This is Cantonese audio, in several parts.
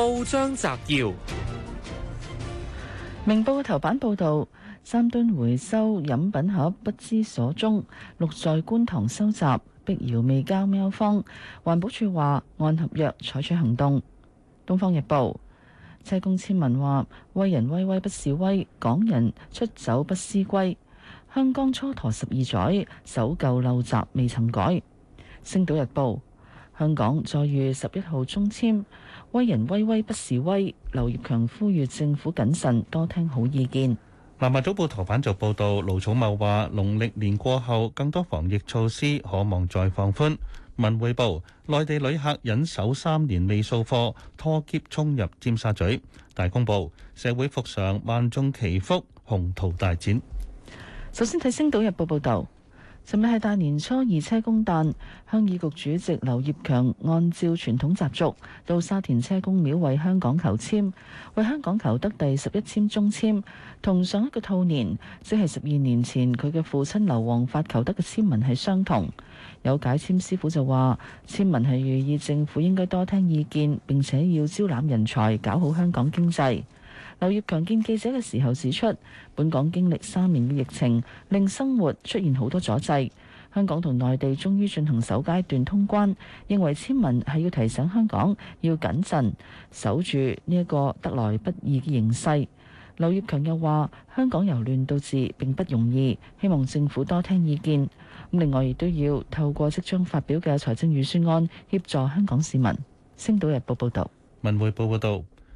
報章摘要：明報頭版報道，三噸回收飲品盒不知所蹤，六在觀塘收集，碧瑤未交喵坊，環保署話按合約採取行動。東方日報車公籤文話：威人威威不示威，港人出走不思歸。香港蹉跎十二載，守舊陋習未曾改。星島日報：香港再遇十一號中簽。威人威威不示威，劉業強呼籲政府謹慎多聽好意見。《南華早報》頭版就報道，盧寵茂話農曆年過後，更多防疫措施可望再放寬。《文匯報》內地旅客忍手三年未掃貨，拖劫衝入尖沙咀。《大公報》社會復常，萬眾祈福，鴻圖大展。首先睇《星島日報》報道。尋日係大年初二，車公誕，鄉議局主席劉業強按照傳統習俗到沙田車公廟為香港求籤，為香港求得第十一籤中籤，同上一個兔年，即係十二年前佢嘅父親劉皇發求得嘅簽文係相同。有解籤師傅就話：簽文係寓意政府應該多聽意見，並且要招攬人才，搞好香港經濟。劉業強見記者嘅時候指出，本港經歷三年嘅疫情，令生活出現好多阻滯。香港同內地終於進行首階段通關，認為簽文係要提醒香港要謹慎守住呢一個得來不易嘅形勢。劉業強又話，香港由亂到治並不容易，希望政府多聽意見。另外亦都要透過即將發表嘅財政預算案協助香港市民。星島日報報道，文匯報報道。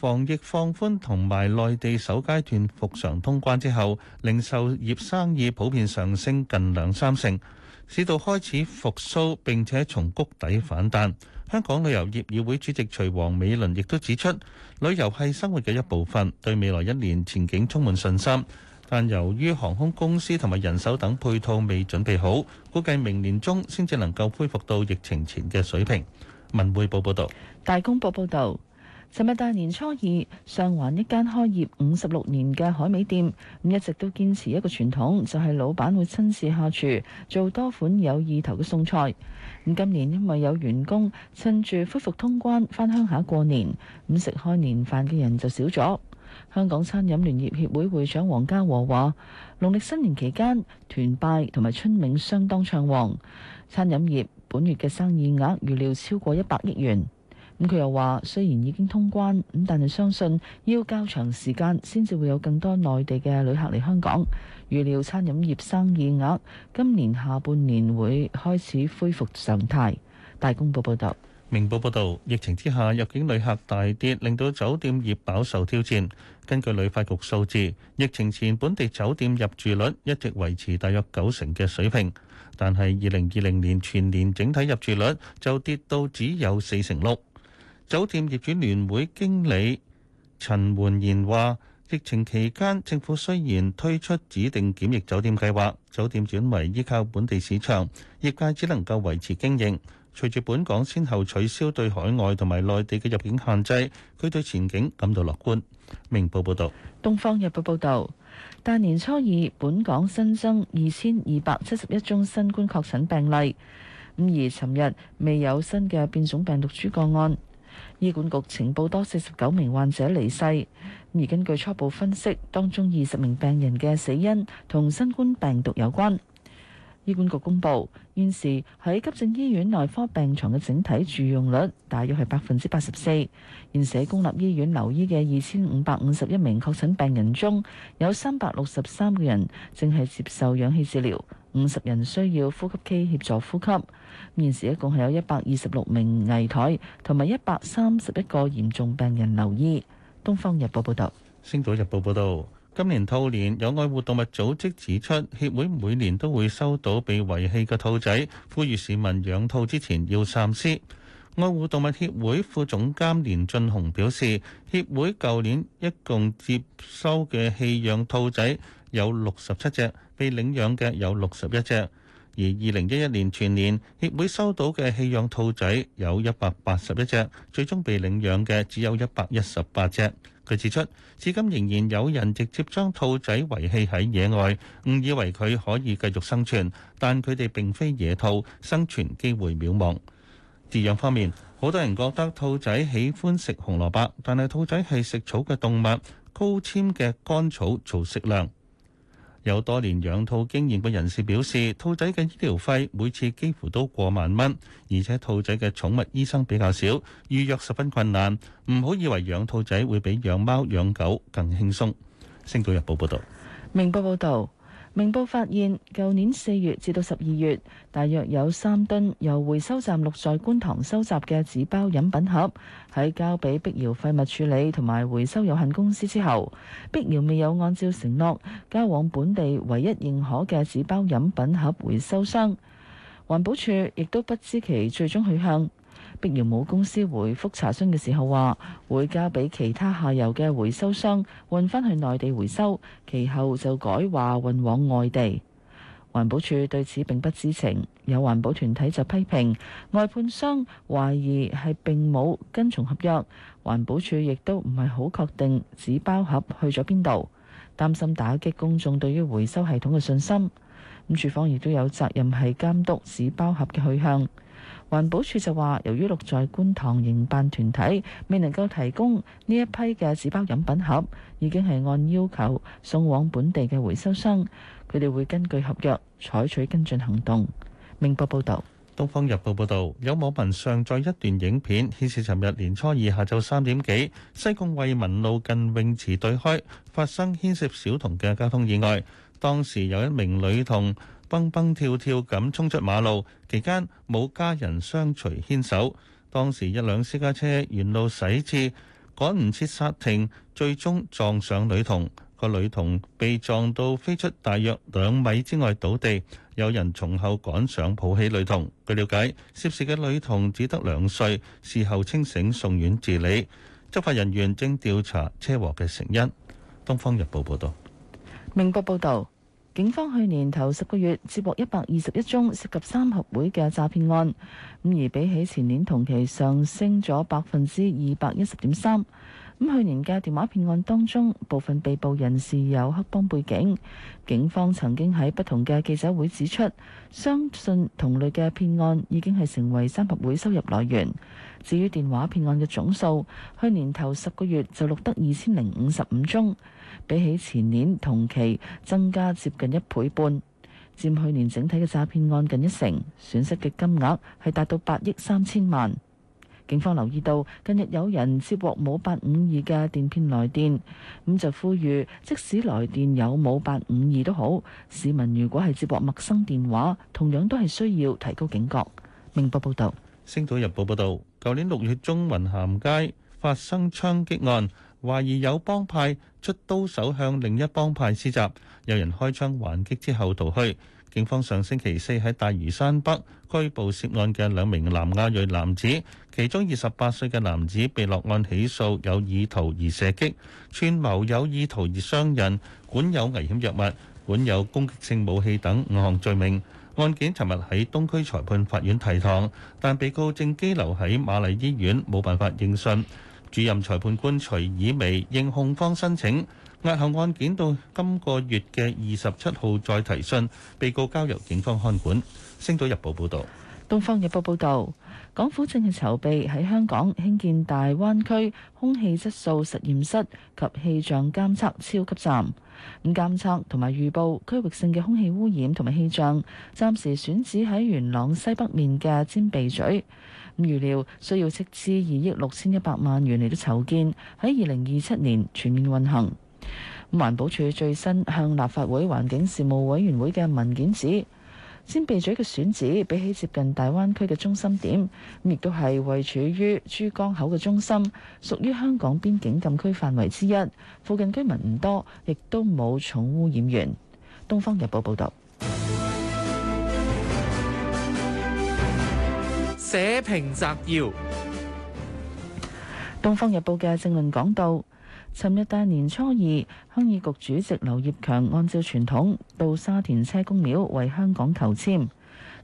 防疫放寬同埋內地首階段復常通關之後，零售業生意普遍上升近兩三成，市道開始復甦並且從谷底反彈。香港旅遊業議會主席徐王美倫亦都指出，旅遊係生活嘅一部分，對未來一年前景充滿信心。但由於航空公司同埋人手等配套未準備好，估計明年中先至能夠恢復到疫情前嘅水平。文匯報報道，大公報報道。昨日大年初二，上環一間開業五十六年嘅海味店，咁一直都堅持一個傳統，就係、是、老闆會親自下廚，做多款有意頭嘅餸菜。咁今年因為有員工趁住恢復通關，返鄉下過年，咁食開年飯嘅人就少咗。香港餐飲聯業協會會長黃家和話，農曆新年期間團拜同埋春茗相當暢旺，餐飲業本月嘅生意額預料超過一百億元。咁佢又話：雖然已經通關，咁但係相信要較長時間先至會有更多內地嘅旅客嚟香港。預料餐飲業生意額今年下半年會開始恢復常態。大公報報道，明報報道，疫情之下入境旅客大跌，令到酒店業飽受挑戰。根據旅發局數字，疫情前本地酒店入住率一直維持大約九成嘅水平，但係二零二零年全年整體入住率就跌到只有四成六。酒店業主聯會經理陳煥賢話，疫情期間政府雖然推出指定檢疫酒店計劃，酒店轉為依靠本地市場，業界只能夠維持經營。隨住本港先後取消對海外同埋內地嘅入境限制，佢對前景感到樂觀。明報報道，東方日報報道，大年初二本港新增二千二百七十一宗新冠確診病例，咁而尋日未有新嘅變種病毒株個案。醫管局呈報多四十九名患者離世，而根據初步分析，當中二十名病人嘅死因同新冠病毒有關。醫管局公布，現時喺急症醫院內科病床嘅整體住用率大約係百分之八十四。現時公立醫院留醫嘅二千五百五十一名確診病人中，有三百六十三個人正係接受氧氣治療。五十人需要呼吸機協助呼吸，現時一共係有一百二十六名危殆，同埋一百三十一個嚴重病人留醫。《東方日報》報導，《星島日報》報導，今年兔年，有愛護動物組織指出，協會每年都會收到被遺棄嘅兔仔，呼籲市民養兔之前要三思。愛護動物協會副總監連俊雄表示，協會舊年一共接收嘅棄養兔仔有六十七隻。被領養嘅有六十一隻，而二零一一年全年協會收到嘅棄養兔仔有一百八十一隻，最終被領養嘅只有一百一十八隻。佢指出，至今仍然有人直接將兔仔遺棄喺野外，誤以為佢可以繼續生存，但佢哋並非野兔，生存機會渺茫。飼養方面，好多人覺得兔仔喜歡食紅蘿蔔，但係兔仔係食草嘅動物，高纖嘅乾草做食糧。有多年養兔經驗嘅人士表示，兔仔嘅醫療費每次幾乎都過萬蚊，而且兔仔嘅寵物醫生比較少，預約十分困難。唔好以為養兔仔會比養貓養狗更輕鬆。星島日報報導，明報報導。明報發現，舊年四月至到十二月，大約有三噸由回收站綠在觀塘收集嘅紙包飲品盒，喺交俾碧瑤廢物處理同埋回收有限公司之後，碧瑤未有按照承諾交往本地唯一認可嘅紙包飲品盒回收商，環保署亦都不知其最終去向。碧瑤母公司回覆查詢嘅時候話會交俾其他下游嘅回收商運翻去內地回收，其後就改話運往外地。環保署對此並不知情，有環保團體就批評外判商懷疑係並冇跟從合約。環保署亦都唔係好確定紙包盒去咗邊度，擔心打擊公眾對於回收系統嘅信心。咁署方亦都有責任係監督紙包盒嘅去向。環保署就話，由於六在觀塘營辦團體未能夠提供呢一批嘅紙包飲品盒，已經係按要求送往本地嘅回收商，佢哋會根據合約採取跟進行動。明報報道，《東方日報》報道，有網民上載一段影片，顯示尋日年初二下晝三點幾，西貢惠民路近泳池對開發生牽涉小童嘅交通意外，當時有一名女童。蹦蹦跳跳咁衝出馬路，期間冇家人相隨牽手。當時一輛私家車沿路駛至，趕唔切剎停，最終撞上女童。個女童被撞到飛出大約兩米之外倒地，有人從後趕上抱起女童。據了解，涉事嘅女童只得兩歲，事後清醒送院治理。執法人員正調查車禍嘅成因。《東方日報》報道，明報報導。警方去年頭十個月接獲一百二十一宗涉及三合會嘅詐騙案，咁而比起前年同期上升咗百分之二百一十點三。咁去年嘅電話騙案當中，部分被捕人士有黑幫背景。警方曾經喺不同嘅記者會指出，相信同類嘅騙案已經係成為三合會收入來源。至於電話騙案嘅總數，去年頭十個月就錄得二千零五十五宗。比起前年同期增加接近一倍半，佔去年整體嘅詐騙案近一成，損失嘅金額係達到八億三千萬。警方留意到近日有人接獲冇八五二嘅電騙來電，咁就呼籲即使來電有冇八五二都好，市民如果係接獲陌生電話，同樣都係需要提高警覺。明報報導，《星島日報》報道，舊年六月中雲咸街發生槍擊案。懷疑有幫派出刀手向另一幫派施襲，有人開槍還擊之後逃去。警方上星期四喺大嶼山北拘捕涉案嘅兩名南亞裔男子，其中二十八歲嘅男子被落案起訴，有意圖而射擊、串謀有意圖而傷人、管有危險藥物、管有攻擊性武器等五項罪名。案件尋日喺東區裁判法院提堂，但被告正羈留喺瑪麗醫院，冇辦法應訊。主任裁判官徐以薇應控方申請，押後案件到今個月嘅二十七號再提訊，被告交由警方看管。星島日報報導。《東方日報》報導，港府正係籌備喺香港興建大灣區空氣質素實驗室及氣象監測超級站，咁監測同埋預報區域性嘅空氣污染同埋氣象。暫時選址喺元朗西北面嘅尖鼻咀。預料需要斥資二億六千一百萬元嚟到籌建，喺二零二七年全面運行。咁環保署最新向立法會環境事務委員會嘅文件指，先咗一個選址比起接近大灣區嘅中心點，亦都係位處於珠江口嘅中心，屬於香港邊境禁區範圍之一。附近居民唔多，亦都冇重污染源。《東方日報》報導。社評摘要，《東方日報》嘅政論講到。尋日大年初二，鄉議局主席劉業強按照傳統到沙田車公廟為香港求籤。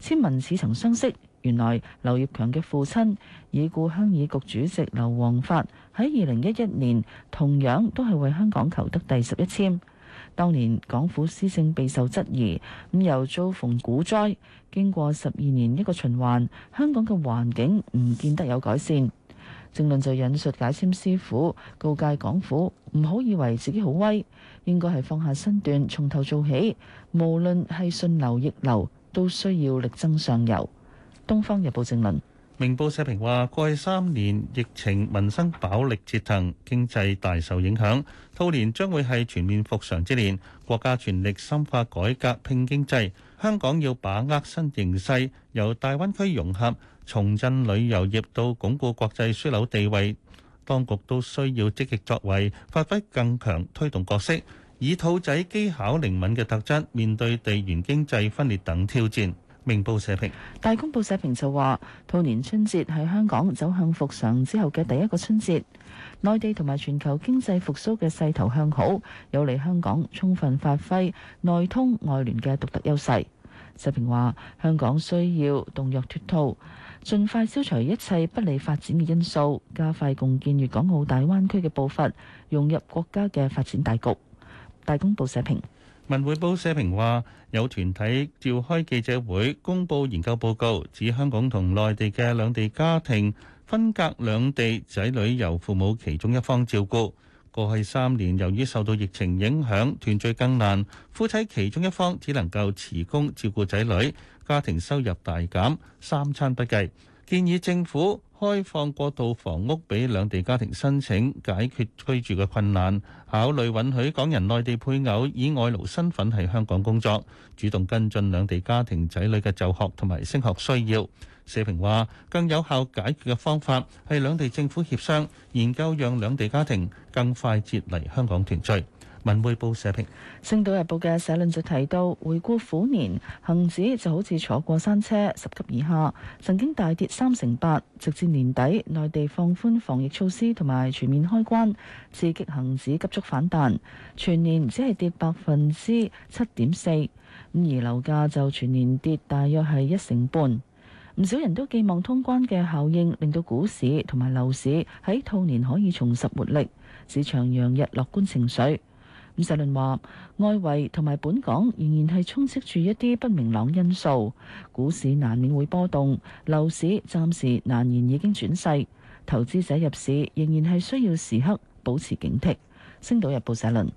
簽文似曾相識，原來劉業強嘅父親已故鄉議局主席劉皇發喺二零一一年同樣都係為香港求得第十一籤。當年港府施政備受質疑，咁又遭逢股災，經過十二年一個循環，香港嘅環境唔見得有改善。政論就引述解簽師傅告誡港府唔好以為自己好威，應該係放下身段，從頭做起。無論係順流逆流，都需要力爭上游。《東方日報》政論。明報社評話：過去三年疫情，民生飽歷折騰，經濟大受影響。兔年將會係全面復常之年，國家全力深化改革，拼經濟。香港要把握新形勢，由大灣區融合、重振旅遊業到鞏固國際樞紐地位，當局都需要積極作為，發揮更強推動角色，以兔仔機巧靈敏嘅特質，面對地緣經濟分裂等挑戰。明報社評，大公報社評就話：兔年春節係香港走向復常之後嘅第一個春節，內地同埋全球經濟復甦嘅勢頭向好，有利香港充分發揮內通外聯嘅獨特優勢。社評話：香港需要動若脱兔，盡快消除一切不利發展嘅因素，加快共建粵港澳大灣區嘅步伐，融入國家嘅發展大局。大公報社評。文匯報社評話：有團體召開記者會，公佈研究報告，指香港同內地嘅兩地家庭分隔兩地，仔女由父母其中一方照顧。過去三年，由於受到疫情影響，團聚更難，夫妻其中一方只能夠辭工照顧仔女，家庭收入大減，三餐不繼。建議政府開放過渡房屋俾兩地家庭申請，解決居住嘅困難，考慮允許港人內地配偶以外勞身份喺香港工作，主動跟進兩地家庭仔女嘅就學同埋升學需要。社評話，更有效解決嘅方法係兩地政府協商，研究讓兩地家庭更快捷嚟香港團聚。文匯報社評，《星島日報》嘅社論就提到，回顧虎年，恆指就好似坐過山車，十級以下曾經大跌三成八，直至年底，內地放寬防疫措施同埋全面開關，刺激恆指急速反彈，全年只係跌百分之七點四。咁而樓價就全年跌大約係一成半。唔少人都寄望通關嘅效應，令到股市同埋樓市喺兔年可以重拾活力，市場洋溢樂觀情緒。社論話：外圍同埋本港仍然係充斥住一啲不明朗因素，股市難免會波動，樓市暫時難言已經轉勢，投資者入市仍然係需要時刻保持警惕。星島日報社論。